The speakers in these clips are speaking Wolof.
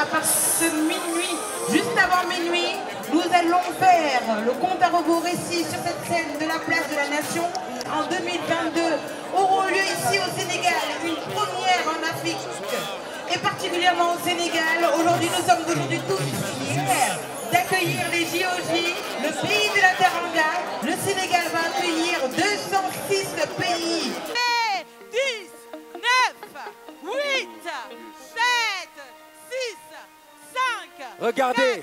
À partir de minuit, juste avant minuit, nous allons faire le compte à rebours récit sur cette scène de la place de la nation en 2022 auront lieu ici au Sénégal, une première en Afrique et particulièrement au Sénégal. Aujourd'hui, nous sommes aujourd'hui tous fiers d'accueillir les JOJ, le pays de la Teranga. Le Sénégal va accueillir 206 pays. 10, 9, 8, 7, 6, 5, Regardez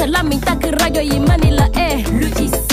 Salam minta keraja imanilah eh Lucis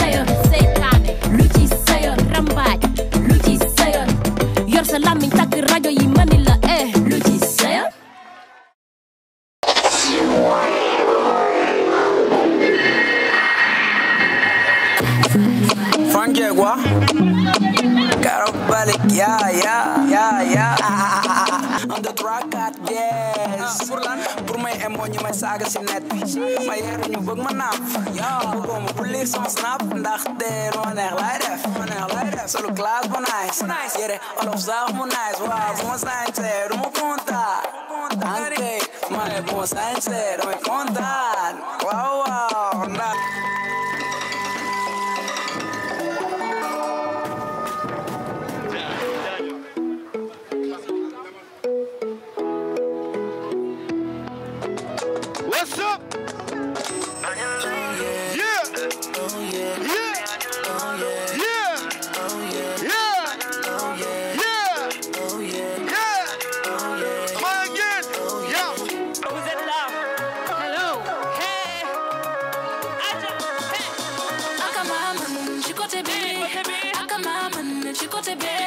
to bed.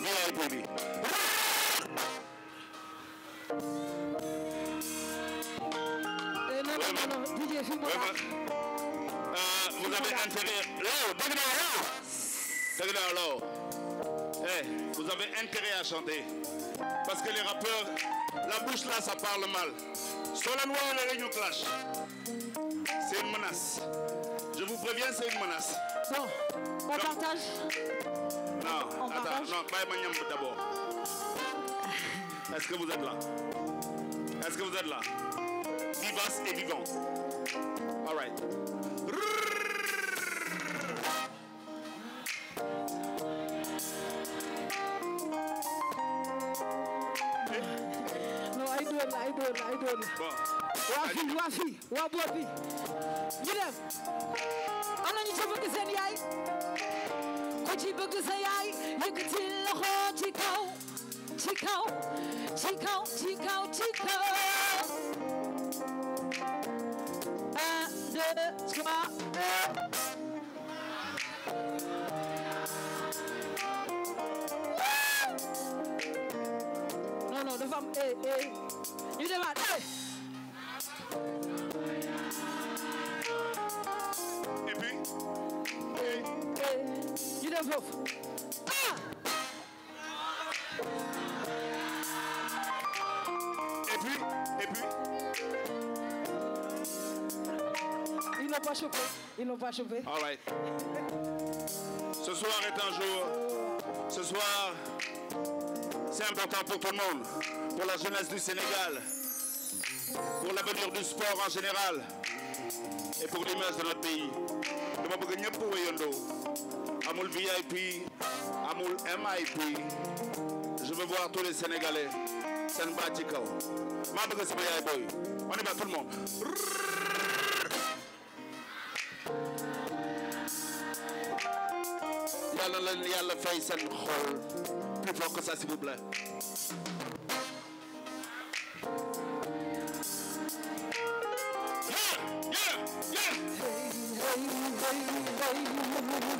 vous avez intérêt. vous avez à chanter. Parce que les rappeurs, la bouche là, ça parle mal. Sur la noire, la réunion clash. C'est une menace. Je vous préviens, c'est une menace. Bon, on partage. Non, attends, non, pas Emmanuel d'abord. Est-ce que vous êtes là Est-ce que vous êtes là Vivace et vivant. All right. non, ay doon la ay doon la ay doon la. waa fii waa fii waa boor bi ñu dem. You can tell te louco, Chico, Chico, Chico, Chico, Chico. Un, deux, No, no, the fam, hé, eh, hé. Eh. you est là, et puis et puis ils n'ont pas chopé ils n'ont pas chopé all right ce soir est un jour ce soir c'est important pour tout le monde pour la jeunesse du Sénégal pour l'avenir du sport en général et pour l'image de notre pays Amoul VIP amul MIP je veux voir tous les Sénégalais c'est baat ci kaw maa bëgg sama yaay on y va tout le monde. yàlla na leen yàlla fay seen xol plus fort que ça s'il vous plaît. Yeah, yeah, hey, Hey, hey, hey,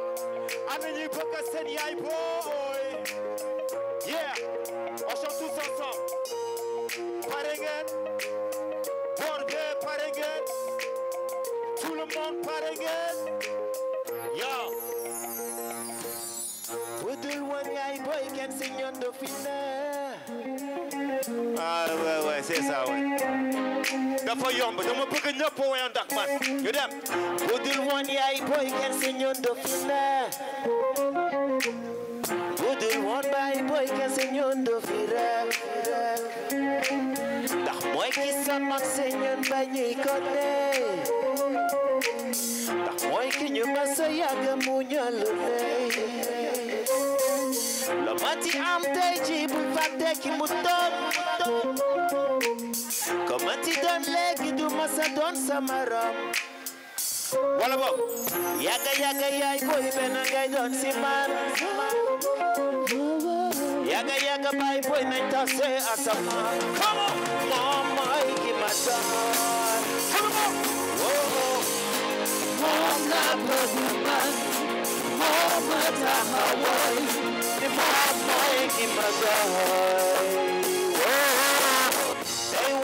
I'm Amenez-vous Seigneur et boy. Yeah, on chante tous ensemble. Parengen, Borgue Parengen, tout le monde do Yo. want, Wanyai boy can sing on the final. Ah ouais ouais, c'est ça ouais dafa yomb dama bëgg ñëpp woyoon ndax man ñu dem bu dul woon yaay booy kenn si ñun du fi na bu dul woon baay booy kenn si ñun du fi ra ndax mooy ki sa mag si ñun ba ñuy ko nee ndax mooy ki ñu mas a yàgg mu ñolu nee la ma am tey ji bul fàtte ki mu doon Commenti don legi du Yaga yaga don simar Yaga yaga boy asama Come on Mama iki Come on Oh Mama Mama iki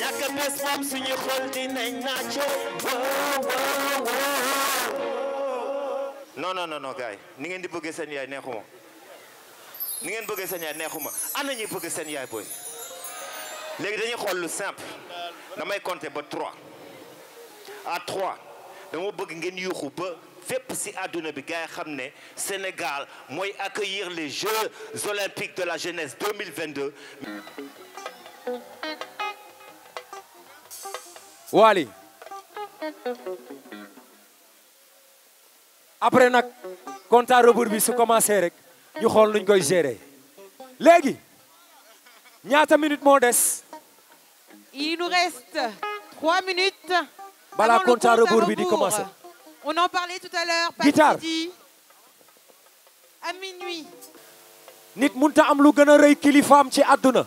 ñàkk bés moom suñu xol dinañ naa cooy waaw waaw waaw non non non non gars ni ngeen di bëggee sen yaay neexuma ni ngeen bëggee seen yaay neexuma ana ñuy bëgg seen yaay booy léegi dañuy xool lu simple damay compter ba 3 à 3 dama bëgg ngeen yuuxu ba fépp si aduna bi gars yi xam Sénégal moy accueillir les Jeux olympiques de la jeunesse 2022. Wally après nag compte à bi su commencé rek ñu xool nuñ koy gérer léegi ñaata minutes moo des. il nous reste trois minutes. balaa compte à bi di commencé. on en parlait tout à l'heure guitare à minuit. nit munta am lu gën a rëy kilifaam ci àdduna.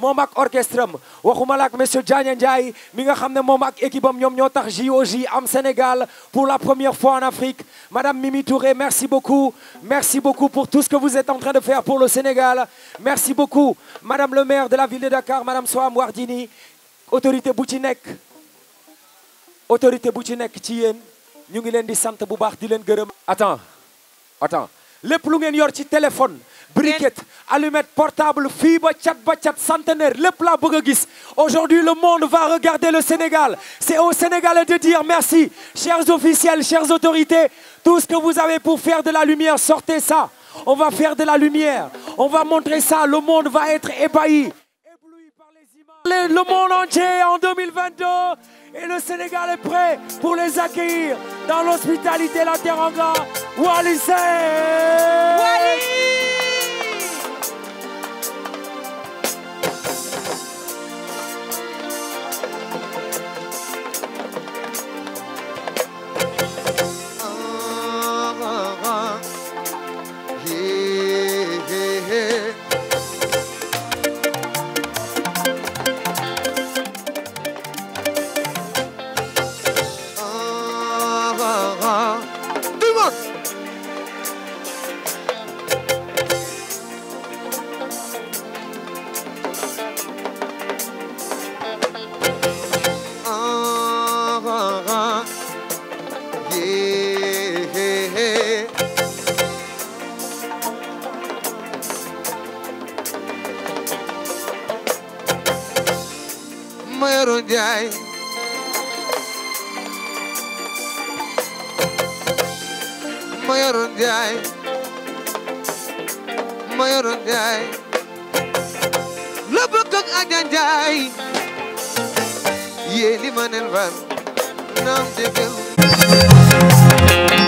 moom ak orchestre waxuma lak monsieur Diagne mi nga équipe am ñom ñoo am Sénégal pour la première fois en Afrique madame Mimi Touré merci beaucoup merci beaucoup pour tout ce que vous êtes en train de faire pour le Sénégal merci beaucoup madame le maire de la ville de Dakar madame Soam Wardini autorité bu autorité bu ci nous ci ñu ngi leen di bu baax attends attends lepp lu ngeen yor ci téléphone briquettes, allumettes portable, fibre, chat, chat, centenaire le plat bëgg aujourd'hui le monde va regarder le Sénégal c'est au Sénégal de dire merci chers officiels chères autorités tout ce que vous avez pour faire de la lumière sortez ça on va faire de la lumière on va montrer ça le monde va être ébahi le monde entier en 2022 et le Sénégal est prêt pour les accueillir dans l'hospitalité la Teranga Daniel Ram, Nam Degil.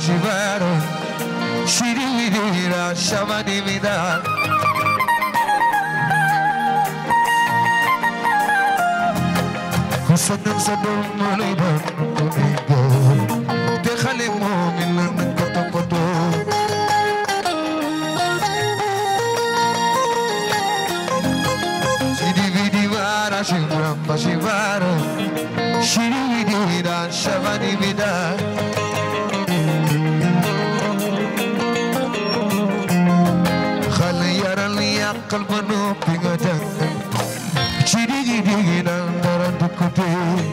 Ajivero Shiri Vidira Shavani Vidar Kusadam Sadam Mulibam you.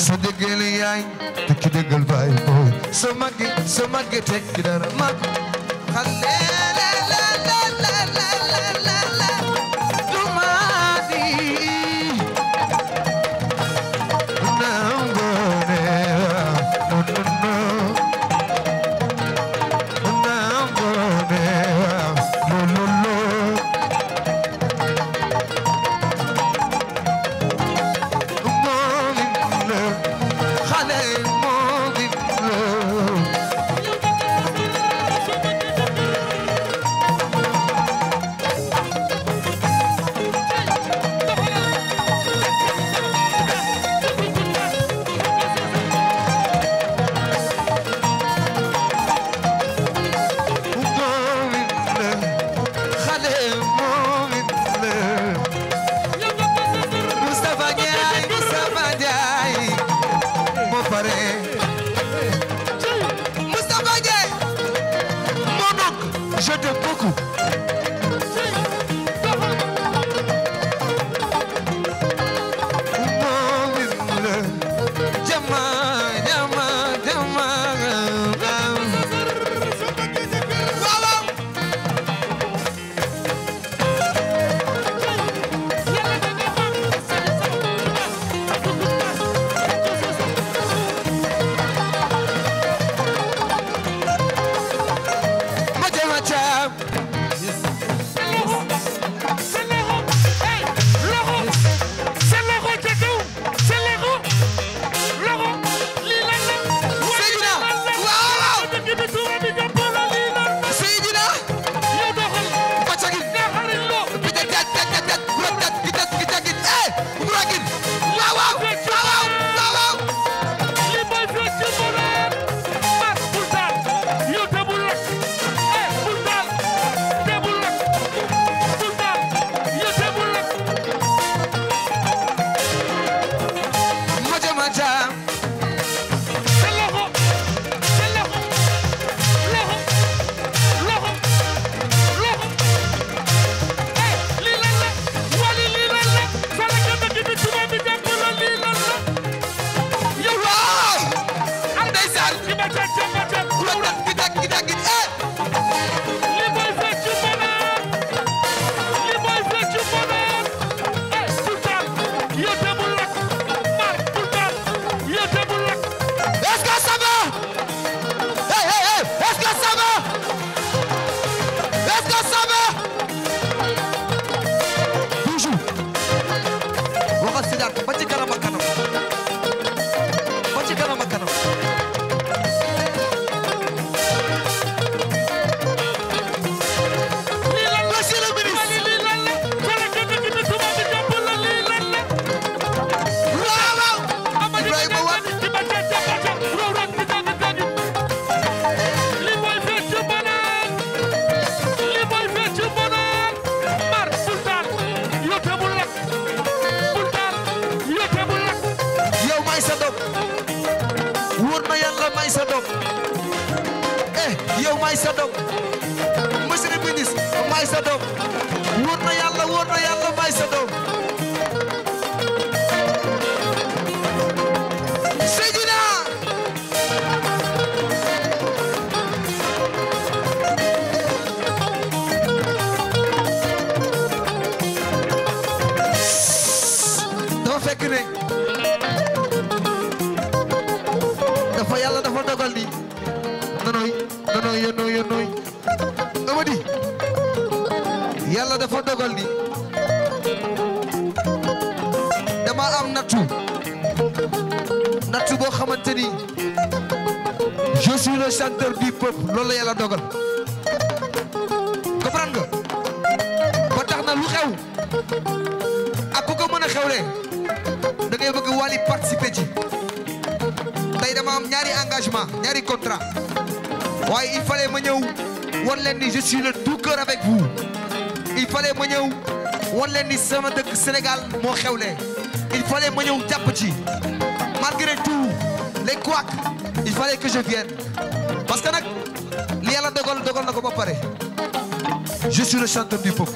sa dëggal yaay te ki dëggal baay booy sa maggi sa maggi tekki dara mag xaleele dama am nattu nattu boo xamante ni je suis le chanteur du la yàlla dogal comprendre nga ba tax na lu xew ak ku ko mën a xewlee da ngay bëgg Wally participer ci tey dama am ñaari engagement ñaari contrat waaye il fallait ma ñëw wan leen ni je suis le tout cœur avec vous ma ñëw wan leen ni sama dëkk Sénégal moo le il fallait que petit. malgré tout les couacs il fallait que je vienne parce que na je suis le chanteur du peuple.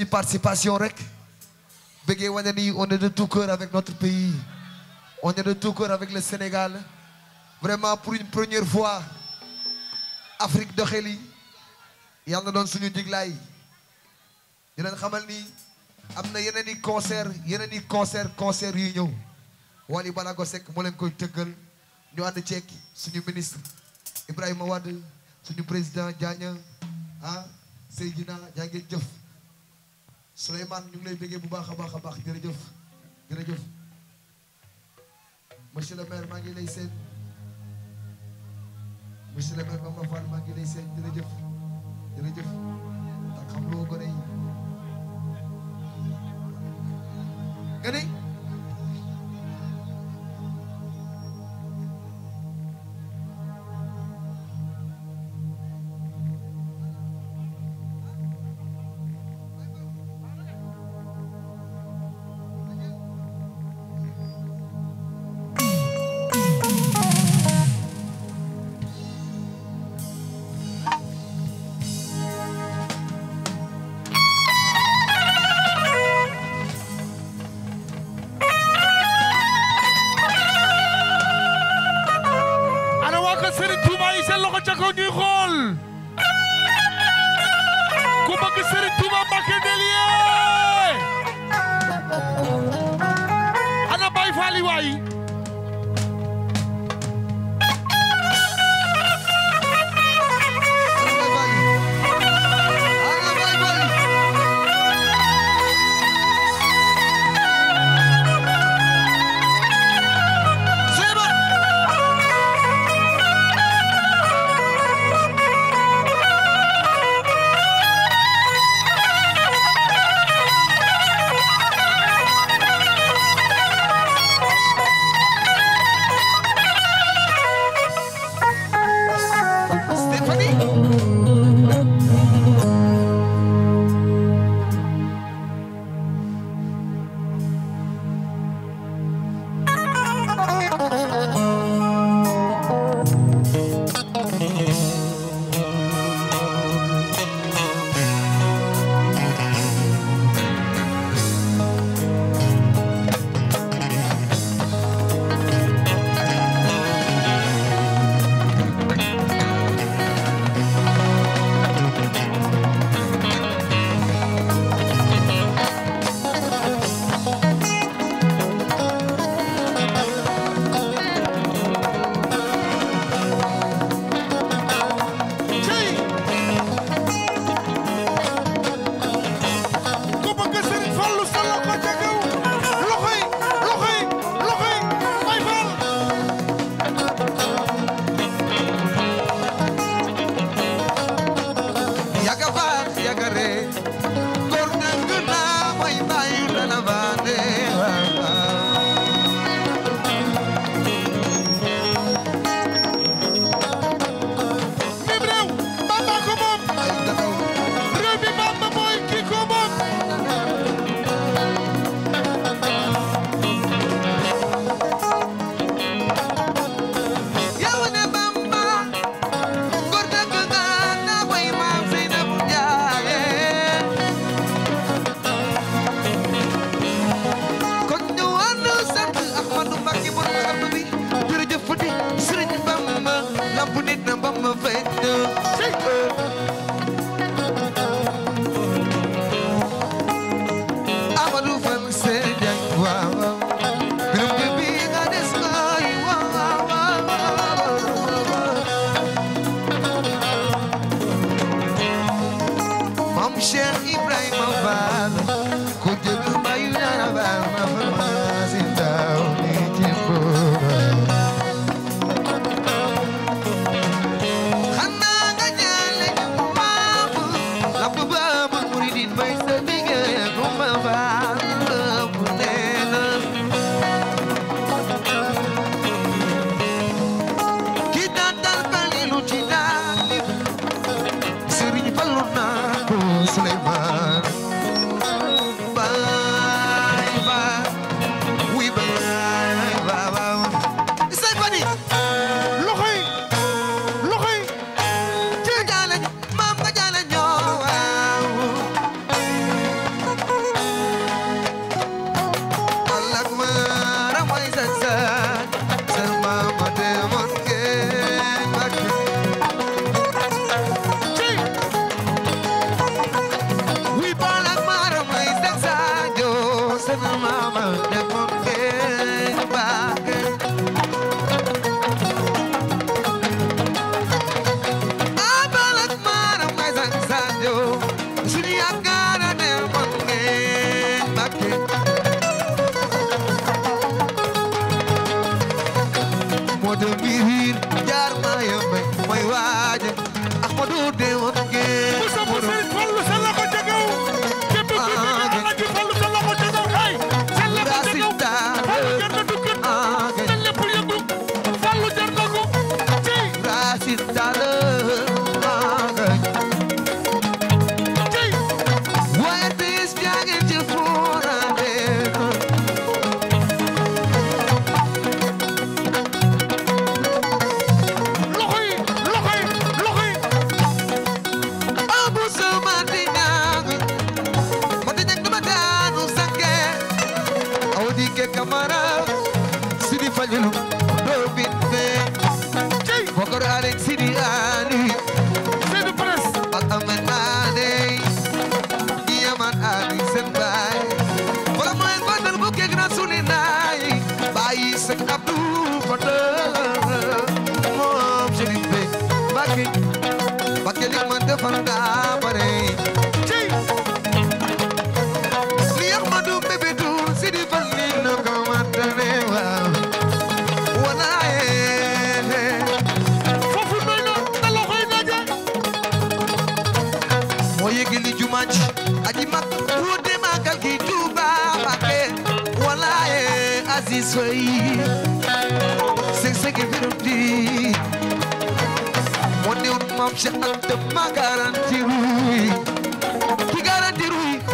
une participation rek bëggee Wanani, on est de tout cœur avec notre pays on est de tout cœur avec le Sénégal vraiment pour une première fois Afrique de yi yàlla na doon suñu diglaay di leen xamal ni am un concert, i concert a concert concert réunion. Wali Wally Balago Seck moo leen koy tëggal ñu ànd ceeg suñu ministre Ibrahim Wade suñu président Diagne ah Seydina jaa Souleymane ñu ngi lay béggee bu baax a baax a baax jërëjëf jërëjëf monsieur le maire maa ngi lay seen monsieur le maire Bamba Fall maa ngi lay seen jërëjëf jërëjëf ndax xam loo gone yi gane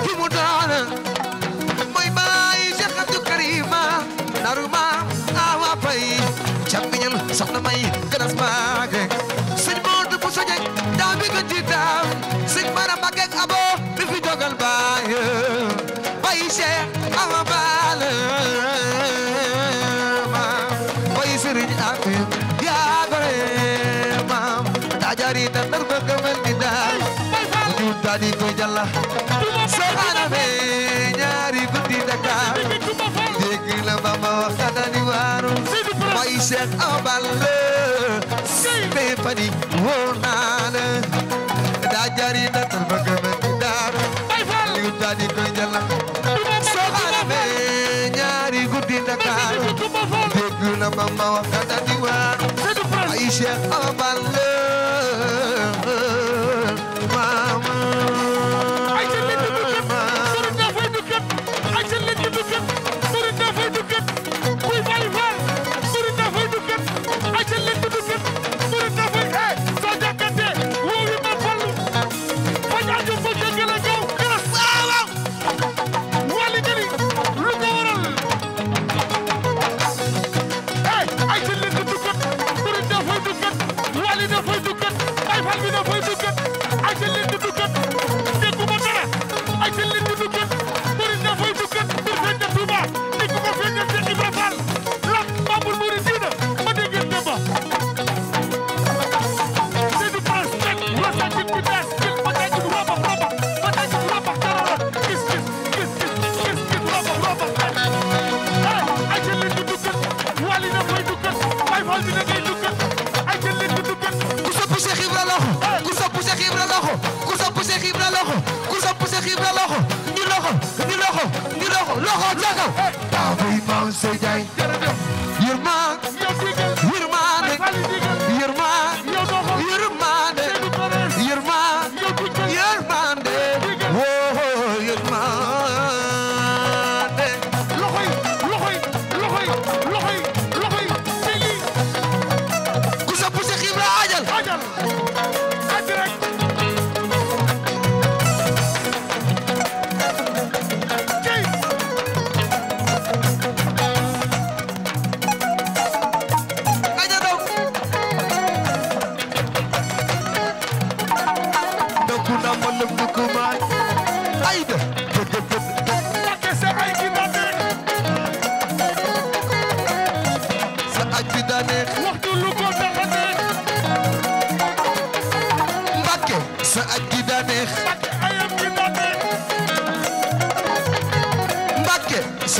ki mu doon mooy baay Cheikh Abdou Karim naru maam Awa Faye càmmiñam soxna may ganas maage sëñ Moodu bu sa jeg daa bi ko jiitam sëñ Mara Mbàkke ak Abo bi fi dogal baay baay Cheikh Awa Bal maam baay Sëriñ Afi yaa gore maam daa jaari nar ba gëmal ni daal ñu daal di ko jàlla Cheikh a sey fadi woo naa la daa jari na tal bëgg ma di daar li u daal di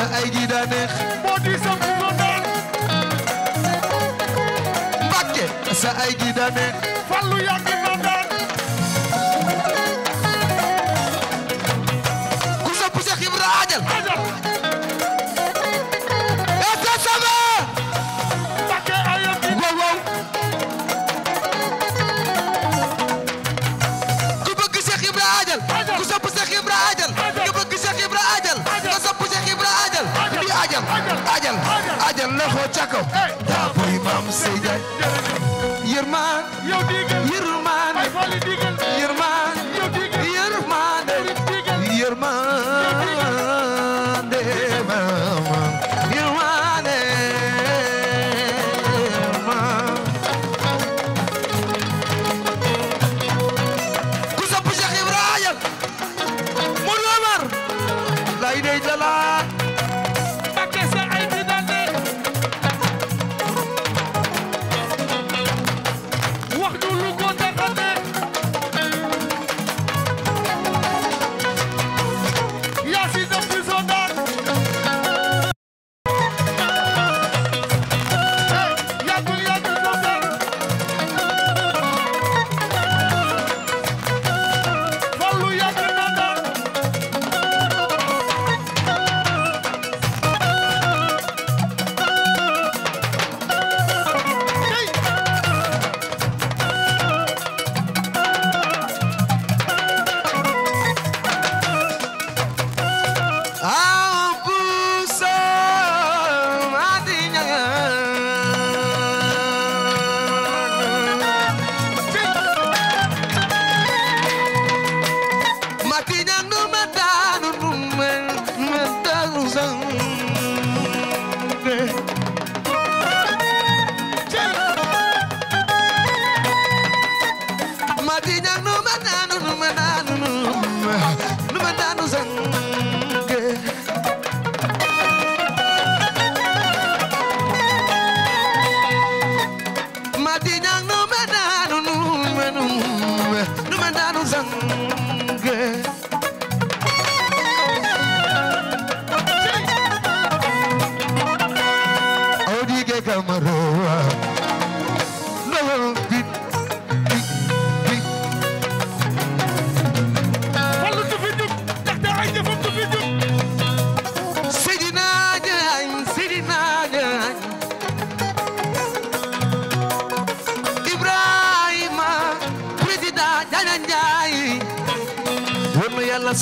sa ay gi daa neex moo di sa mu ko neex Mbàkke sa ay gi daa neex Fallu yàgg for Jacob. That boy, mom, say that.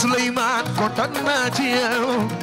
Suleymaan kontaan naa ci yow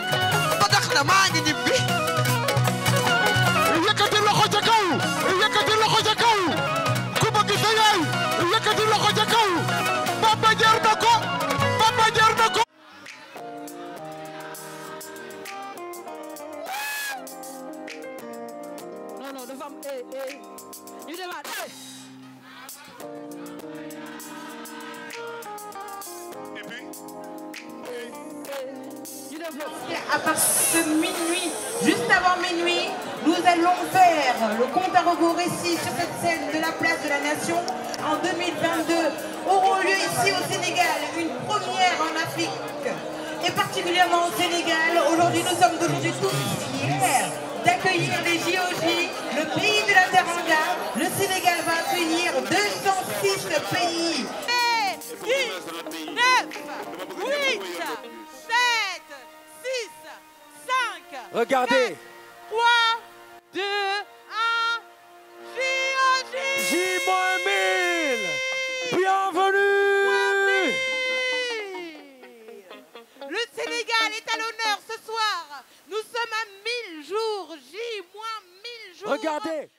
بيدك طبخنا ما À partir de minuit, juste avant minuit, nous allons faire le compte à rebours ici sur cette scène de la place de la Nation en 2022. Auront lieu ici au Sénégal une première en Afrique et particulièrement au Sénégal. Aujourd'hui, nous sommes aujourd'hui tous fiers d'accueillir les JOJ, le pays de la Teranga. Le Sénégal va accueillir 206 pays. Regardez. 3, 2, 1. j o J-1000. Bienvenue. Le Sénégal est à l'honneur ce soir. Nous sommes à 1000 jours. J-1000 jours. Regardez.